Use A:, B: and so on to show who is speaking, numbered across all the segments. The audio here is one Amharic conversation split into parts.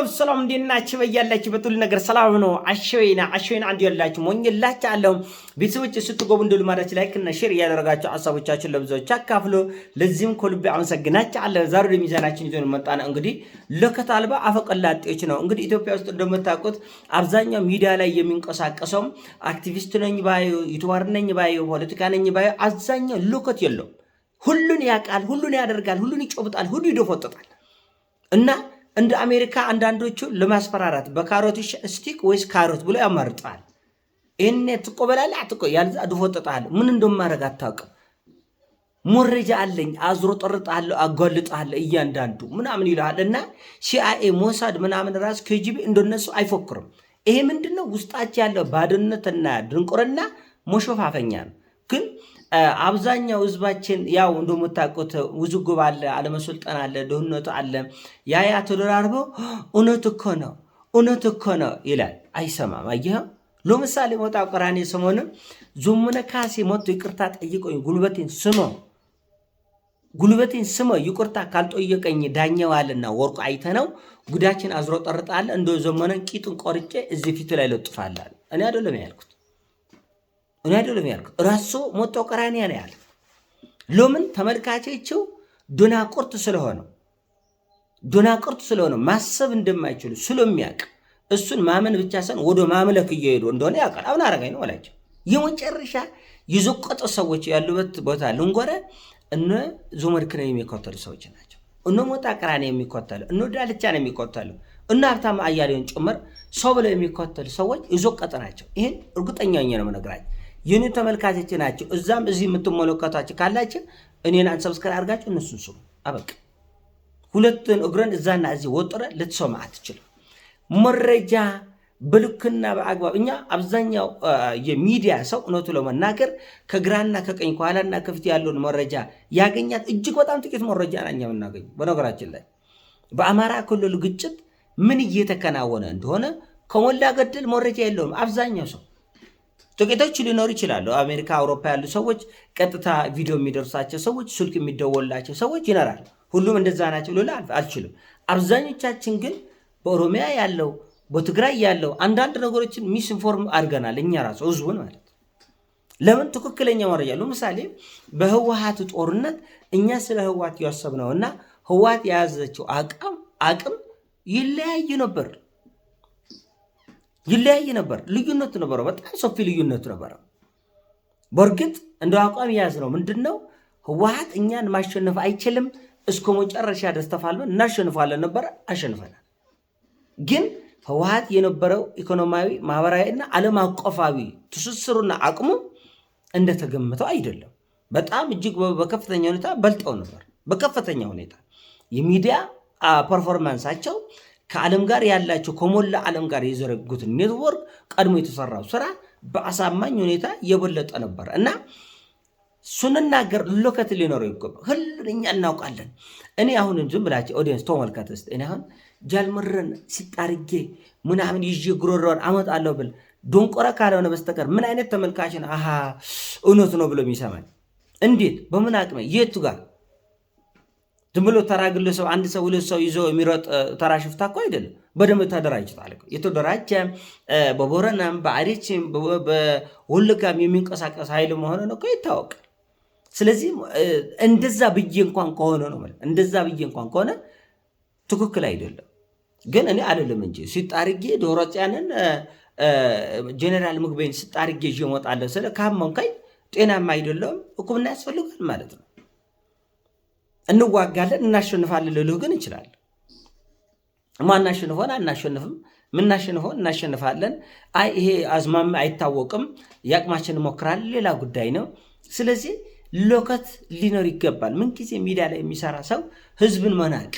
A: ሰብ ሰላም እንዴናችሁ? በያላችሁበት ሁሉ ነገር ሰላም ነው። አሸወይና አሸወይና አንድ ያላችሁ ሞኝላችሁ አለው ቤተሰቦች ስትገቡ እንደልማዳችሁ ላይክ እና ሼር እያደረጋችሁ ሀሳቦቻችሁን ለብዙዎች አካፍሎ ለዚህም ከልቤ አመሰግናችሁ አለ። ዛሬ ወደ ይዞን መጣን። እንግዲህ ለከት አልባ አፈቀላጤዎች ነው። እንግዲህ ኢትዮጵያ ውስጥ እንደምታውቁት አብዛኛው ሚዲያ ላይ የሚንቀሳቀሰው አክቲቪስት ነኝ ባዩ፣ ዩቲዩበር ነኝ ባዩ፣ ፖለቲካ ነኝ ባዩ አብዛኛው ለከት የለው። ሁሉን ያውቃል፣ ሁሉን ያደርጋል፣ ሁሉን ይጨብጣል፣ ሁሉ ይደፈጥጣል እና እንደ አሜሪካ አንዳንዶቹ ለማስፈራራት በካሮት ስቲክ ወይስ ካሮት ብሎ ያማርጠዋል። ይህን ትቆበላለህ አትቆ ያልዛ ድፎጥጣል ምን እንደማድረግ አታውቅም። መረጃ አለኝ አዝሮ ጠርጣለሁ አጓልጣለ እያንዳንዱ ምናምን ይልሃል። እና ሲአይኤ ሞሳድ ምናምን ራስ ከጂቢ እንደነሱ አይፎክርም። ይሄ ምንድነው ውስጣቸው ያለው ባዶነትና ድንቁርና መሾፋፈኛ ነው ግን አብዛኛው ህዝባችን ያው እንደምታውቁት ውዝግብ አለ፣ አለመሰልጠን አለ፣ ድህነቱ አለ። ያ ያ ተደራርበው እውነት እኮ ነው እውነት እኮ ነው ይላል፣ አይሰማም። አየኸው ለምሳሌ ሞጣ ቆራኔ ሰሞኑን ዙሙነ ካሴ መቶ ይቅርታ ጠይቆኝ ጉልበቴን ስሞ ጉልበቴን ስሞ ይቅርታ ካልጠየቀኝ ዳኛው አለና ወርቁ ነው ጉዳችን አዝሮ ጠርጣለ እንደ ዘመነን ቂጥን ቆርጬ እዚህ ፊቱ ላይ ለጥፋላል። እኔ አይደለም ያልኩት እኔ አይደለም ያልኩት፣ ራሱ ሞቶ ቀራኒያ ነው ያለ። ሎምን ተመልካቾችው ዶናቁርት ስለሆነ ዶናቁርት ስለሆነ ማሰብ እንደማይችሉ ስለሚያውቅ እሱን ማመን ብቻ ሳይሆን ወደ ማምለክ እየሄዱ እንደሆነ ያውቃል። አሁን አረጋኝ ነው አላቸው። የመጨረሻ የዘቆጠ ሰዎች ያሉበት ቦታ ልንጎረ እነ ነው የሚከተሉ ሰዎች ናቸው። እነ ሞጣ ቅራኔ የሚከተሉ እነ ዳልቻ ነው የሚከተሉ እነ ሀብታም አያሌውን ጭምር ሰው ብለው የሚከተሉ ሰዎች የዘቆጠ ናቸው። ይህን እርግጠኛ ነው የምነግራቸው። የኔ ተመልካቾች ናቸው። እዛም እዚህ የምትመለከቷቸው ካላችን እኔን አንሰብስክራ አድርጋችሁ እነሱን ስሙ። አበቃ። ሁለቱን እግረን እዛና እዚህ ወጥረ ልትሰማ አትችልም። መረጃ በልክና በአግባብ እኛ አብዛኛው የሚዲያ ሰው እውነቱ ለመናገር ከግራና ከቀኝ ከኋላና ከፊት ያለውን መረጃ ያገኛት እጅግ በጣም ጥቂት መረጃ ና እኛ የምናገኘው በነገራችን ላይ በአማራ ክልል ግጭት ምን እየተከናወነ እንደሆነ ከሞላ ገደል መረጃ የለውም አብዛኛው ሰው ጥቂቶች ሊኖሩ ይችላሉ። አሜሪካ፣ አውሮፓ ያሉ ሰዎች ቀጥታ ቪዲዮ የሚደርሳቸው ሰዎች፣ ስልክ የሚደወላቸው ሰዎች ይኖራል። ሁሉም እንደዛ ናቸው ልል አልችልም። አብዛኞቻችን ግን በኦሮሚያ ያለው በትግራይ ያለው አንዳንድ ነገሮችን ሚስኢንፎርም አድርገናል። እኛ ራሱ ህዝቡን ማለት ለምን ትክክለኛ መረጃ ለምሳሌ በህወሀት ጦርነት እኛ ስለ ህወሀት እያሰብነው እና ህወሀት የያዘችው አቅም ይለያዩ ነበር። ይለያይ ነበር። ልዩነቱ ነበረው፣ በጣም ሰፊ ልዩነቱ ነበረ። በእርግጥ እንደ አቋም የያዝ ነው ምንድን ነው ህወሓት እኛን ማሸነፍ አይችልም እስከ መጨረሻ ደስ ተፋልመን እናሸንፋለን ነበረ። አሸንፈናል። ግን ህወሓት የነበረው ኢኮኖሚያዊ፣ ማህበራዊ እና ዓለም አቀፋዊ ትስስሩና አቅሙ እንደተገመተው አይደለም። በጣም እጅግ በከፍተኛ ሁኔታ በልጠው ነበር። በከፍተኛ ሁኔታ የሚዲያ ፐርፎርማንሳቸው ከዓለም ጋር ያላቸው ከሞላ ዓለም ጋር የዘረጉት ኔትወርክ ቀድሞ የተሰራው ስራ በአሳማኝ ሁኔታ የበለጠ ነበር እና ስንናገር ሎከት ሊኖረው ይገባል። ሁሉን እኛ እናውቃለን። እኔ አሁን ዝም ብላችሁ ኦዲየንስ ተመልከት ስ እኔ አሁን ጃልምረን ሲጣርጌ ምናምን ይዤ ጉሮሮን አመጣለሁ ብል ዶንቆረ ካልሆነ በስተቀር ምን አይነት ተመልካችን አሃ እውነት ነው ብሎ የሚሰማኝ እንዴት በምን አቅሜ የቱ ጋር ዝም ብሎ ተራ ግለሰብ አንድ ሰው ሁለት ሰው ይዞ የሚሮጥ ተራ ሽፍታ እኮ አይደለም። በደንብ ተደራጅቷል። የተደራጀ በቦረናም በአሪችም በወለጋም የሚንቀሳቀስ ኃይል መሆኑን እኮ ይታወቃል። ስለዚህ እንደዛ ብዬ እንኳን ከሆነ ነው እንደዛ ብዬ እንኳን ከሆነ ትክክል አይደለም። ግን እኔ አይደለም እንጂ ሲጣርጌ ዶሮጽያንን ጄኔራል ምግበይን ሲጣርጌ ይዤ እመጣለሁ ስለ ካመንካኝ ጤናማ አይደለም፣ ሕክምና ያስፈልጋል ማለት ነው። እንዋጋለን እናሸንፋለን ልልህ ግን ይችላል። ማናሸንፈውን አናሸንፍም፣ ምናሸንፎን እናሸንፋለን። አይ ይሄ አዝማሚ አይታወቅም፣ የአቅማችን ሞክራል፣ ሌላ ጉዳይ ነው። ስለዚህ ሎከት ሊኖር ይገባል። ምንጊዜ ሚዲያ ላይ የሚሰራ ሰው ህዝብን መናቅ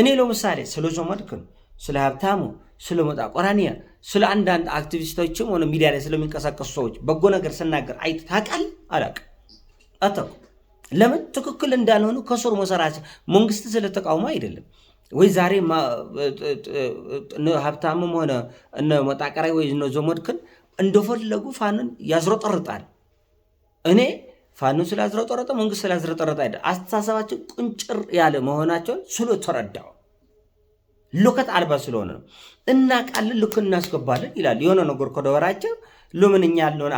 A: እኔ ለምሳሌ ስለ ዞመድክም ስለ ሀብታሙ ስለ ሞጣ ቆራኒያ ስለ አንዳንድ አክቲቪስቶችም ሆነ ሚዲያ ላይ ስለሚንቀሳቀሱ ሰዎች በጎ ነገር ስናገር አይታቃል አላቅ አታውቅም ለምን ትክክል እንዳልሆኑ ከስር መሰራቸው መንግስት ስለተቃውሞ አይደለም ወይ ዛሬ ሀብታምም ሆነ እነ መጣቀራይ ወይ እነ ዘመድክን እንደፈለጉ ፋኖን ያዝረጠርጣል። እኔ ፋኖ ስላዝረጠረጠ መንግስት ስላዝረጠረጠ አይደለም፣ አስተሳሰባቸው ቁንጭር ያለ መሆናቸውን ተረዳው። ሎከት አልባ ስለሆነ ነው። እናቃለን፣ ልክ እናስገባለን ይላል። የሆነ ነገር ከደበራቸው ለምን እኛ ያለሆን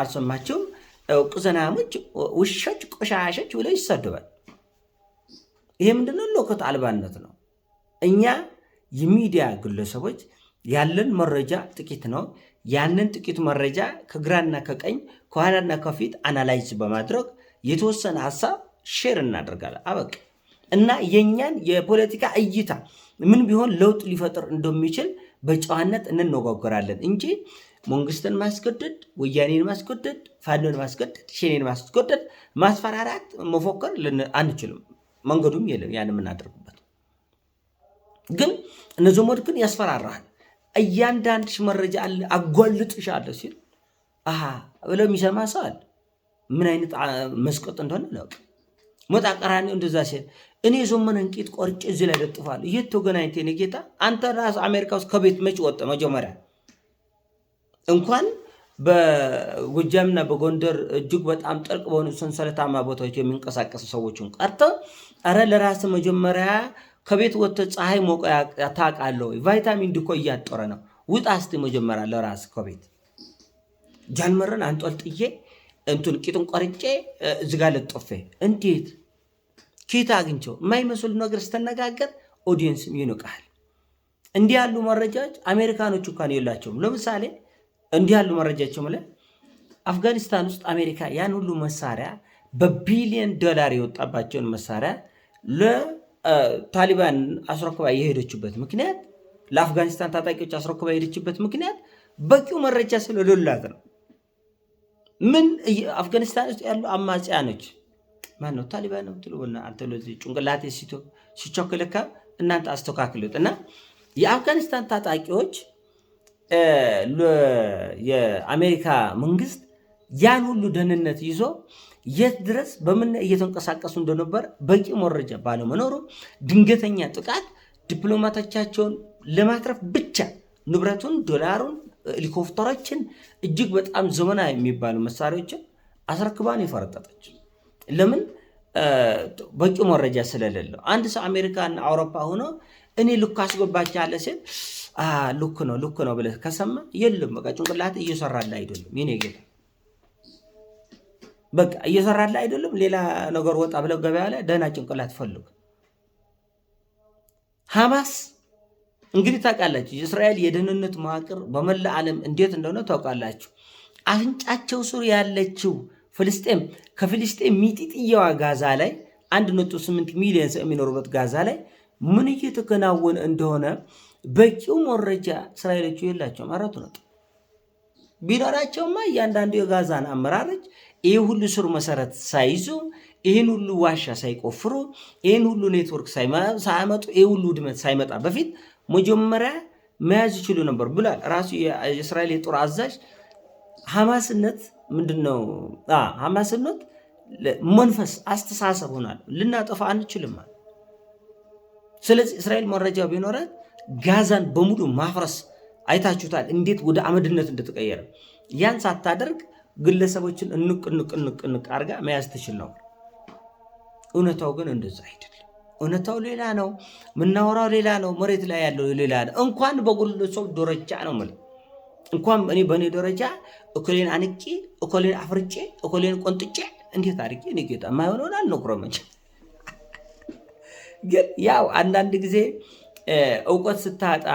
A: ቅዝናሞች፣ ውሾች፣ ቆሻሻች ብለው ይሰድባል። ይሄ ምንድነው? ሎከት አልባነት ነው። እኛ የሚዲያ ግለሰቦች ያለን መረጃ ጥቂት ነው። ያንን ጥቂት መረጃ ከግራና ከቀኝ ከኋላና ከፊት አናላይዝ በማድረግ የተወሰነ ሀሳብ ሼር እናደርጋለን። አበቃ እና የእኛን የፖለቲካ እይታ ምን ቢሆን ለውጥ ሊፈጥር እንደሚችል በጨዋነት እንነጋገራለን እንጂ መንግስትን ማስገደድ፣ ወያኔን ማስገደድ፣ ፋኖን ማስገደድ፣ ሸኔን ማስገደድ፣ ማስፈራራት፣ መፎከር አንችልም። መንገዱም የለም ያን የምናደርጉበት። ግን እነዞሞድ ግን ያስፈራራል። እያንዳንድሽ መረጃ አለ አለ ሲል አሀ ብለው የሚሰማ ሰው አለ። ምን አይነት መስቀጥ እንደሆነ ለቅ ሞጣ ቀራኒ እንደዛ ሲል እኔ ዞመን እንቂት ቆርጭ እዚህ ላይ ለጥፋለሁ። የት ተገናኝቴ? እኔ ጌታ አንተ ራስ አሜሪካ ውስጥ ከቤት መች ወጣ መጀመሪያ እንኳን በጎጃምና በጎንደር እጅግ በጣም ጥልቅ በሆኑ ሰንሰለታማ ቦታዎች የሚንቀሳቀሱ ሰዎችን ቀርተ ረ ለራስ መጀመሪያ ከቤት ወጥተ ፀሐይ ሞቀ ታውቃለህ ወይ? ቫይታሚን ድኮ እያጠረ ነው። ውጣ እስቲ መጀመሪያ ለራስ ከቤት ጃንመረን አንጠልጥዬ እንቱን ቂጡን ቆርጬ እዚጋ ለጥፌ እንዴት ኪት አግኝቸው የማይመስሉ ነገር ስተነጋገር ኦዲየንስም ይንቃል። እንዲህ ያሉ መረጃዎች አሜሪካኖቹ እንኳን የላቸውም። ለምሳሌ እንዲህ ያሉ መረጃቸው ምለ አፍጋኒስታን ውስጥ አሜሪካ ያን ሁሉ መሳሪያ በቢሊየን ዶላር የወጣባቸውን መሳሪያ ለታሊባን አስረክባ የሄደችበት ምክንያት ለአፍጋኒስታን ታጣቂዎች አስረክባ የሄደችበት ምክንያት በቂው መረጃ ስለሌላት ነው። ምን አፍጋኒስታን ውስጥ ያሉ አማጽያኖች ማን ነው? ታሊባን ነው ትልሆና አንተ ጭንቅላቴ ሲቶ ሲቸክልካ እናንተ አስተካክሉት እና የአፍጋኒስታን ታጣቂዎች የአሜሪካ መንግስት ያን ሁሉ ደህንነት ይዞ የት ድረስ በምን እየተንቀሳቀሱ እንደነበር በቂ መረጃ ባለመኖሩ ድንገተኛ ጥቃት ዲፕሎማቶቻቸውን ለማትረፍ ብቻ ንብረቱን፣ ዶላሩን፣ ሄሊኮፕተሮችን እጅግ በጣም ዘመናዊ የሚባሉ መሳሪያዎችን አስረክባን የፈረጠጠች ለምን በቂ መረጃ ስለሌለው አንድ ሰው አሜሪካና አውሮፓ ሆኖ እኔ ልኮ አስገባች ያለ ሲል ልክ ነው ልክ ነው ብለህ ከሰማ የለም በቃ ጭንቅላት እየሰራለ አይደለም። ይኔ ጌታ በቃ እየሰራለ አይደለም። ሌላ ነገር ወጣ ብለ ገበያ ላይ ደህና ጭንቅላት ፈልግ። ሐማስ እንግዲህ ታውቃላችሁ የእስራኤል የደህንነት መዋቅር በመላ ዓለም እንዴት እንደሆነ ታውቃላችሁ። አፍንጫቸው ስር ያለችው ፍልስጤም ከፍልስጤም ሚጢጥየዋ ጋዛ ላይ 1.8 ሚሊዮን ሰው የሚኖሩበት ጋዛ ላይ ምን እየተከናወነ እንደሆነ በቂው መረጃ እስራኤሎቹ የላቸውም። አራቱ ነጥብ ቢኖራቸውማ እያንዳንዱ የጋዛን አመራሮች ይህ ሁሉ ስር መሰረት ሳይዙ ይህን ሁሉ ዋሻ ሳይቆፍሩ ይህን ሁሉ ኔትወርክ ሳያመጡ ይህ ሁሉ ውድመት ሳይመጣ በፊት መጀመሪያ መያዝ ይችሉ ነበር ብሏል ራሱ የእስራኤል የጦር አዛዥ። ሐማስነት ምንድነው? ሐማስነት መንፈስ አስተሳሰብ ሆናል። ልናጠፋ አንችልም። ስለዚህ እስራኤል መረጃ ቢኖራት ጋዛን በሙሉ ማፍረስ አይታችሁታል፣ እንዴት ወደ አመድነት እንደተቀየረ። ያን ሳታደርግ ግለሰቦችን እንቅ እንቅ እንቅ እንቅ አድርጋ መያዝ ትችል ነው። እውነታው ግን እንደዛ አይደለም። እውነታው ሌላ ነው። የምናወራው ሌላ ነው። መሬት ላይ ያለው ሌላ ነው። እንኳን በግለሰብ ደረጃ ነው ምል እንኳን እኔ በእኔ ደረጃ እኮሌን አንቄ እኮሌን አፍርጬ እኮሌን ቆንጥጬ እንዴት አድርጌ እኔ ጌታ የማይሆነውን አልነግሮመች ግን ያው አንዳንድ ጊዜ እውቀት ስታጣ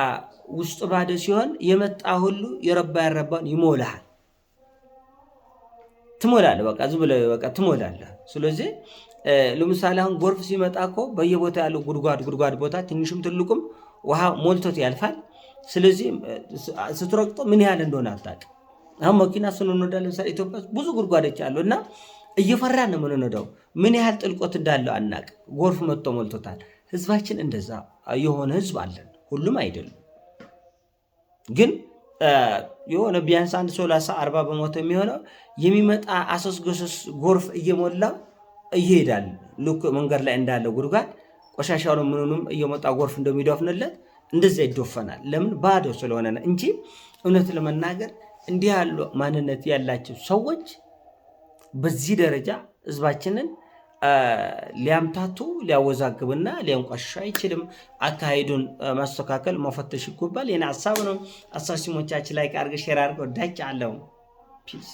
A: ውስጥ ባዶ ሲሆን የመጣ ሁሉ የረባ ያረባውን ይሞልሃል፣ ትሞላለ። በቃ ዝም ብለህ በቃ ትሞላለ። ስለዚህ ለምሳሌ አሁን ጎርፍ ሲመጣ እኮ በየቦታ ያለው ጉድጓድ ጉድጓድ ቦታ ትንሹም ትልቁም ውሃ ሞልቶት ያልፋል። ስለዚህ ስትረግጦ ምን ያህል እንደሆነ አታውቅም። አሁን መኪና ስንነዳ ለምሳሌ ኢትዮጵያ ውስጥ ብዙ ጉድጓዶች አሉ እና እየፈራ ነው የምንነዳው። ምን ያህል ጥልቆት እንዳለው አናውቅም። ጎርፍ መጥቶ ሞልቶታል። ህዝባችን እንደዛ የሆነ ህዝብ አለን። ሁሉም አይደሉም፣ ግን የሆነ ቢያንስ አንድ ሰላሳ አርባ በመቶ የሚሆነው የሚመጣ አሶስ ገሶስ ጎርፍ እየሞላ ይሄዳል። ልክ መንገድ ላይ እንዳለ ጉድጓድ ቆሻሻ ምኑንም እየመጣ ጎርፍ እንደሚደፍንለት እንደዚያ ይዶፈናል። ለምን ባዶ ስለሆነ እንጂ እውነት ለመናገር እንዲህ ያሉ ማንነት ያላቸው ሰዎች በዚህ ደረጃ ህዝባችንን ሊያምታቱ ሊያወዛግብና ሊያንቋሽሽ አይችልም። አካሄዱን ማስተካከል መፈተሽ ይገባል። የኔ ሀሳብ ነው። አሳሲሞቻችን ላይ ቃርገ ሼር አድርገው ዳጭ አለው ፒስ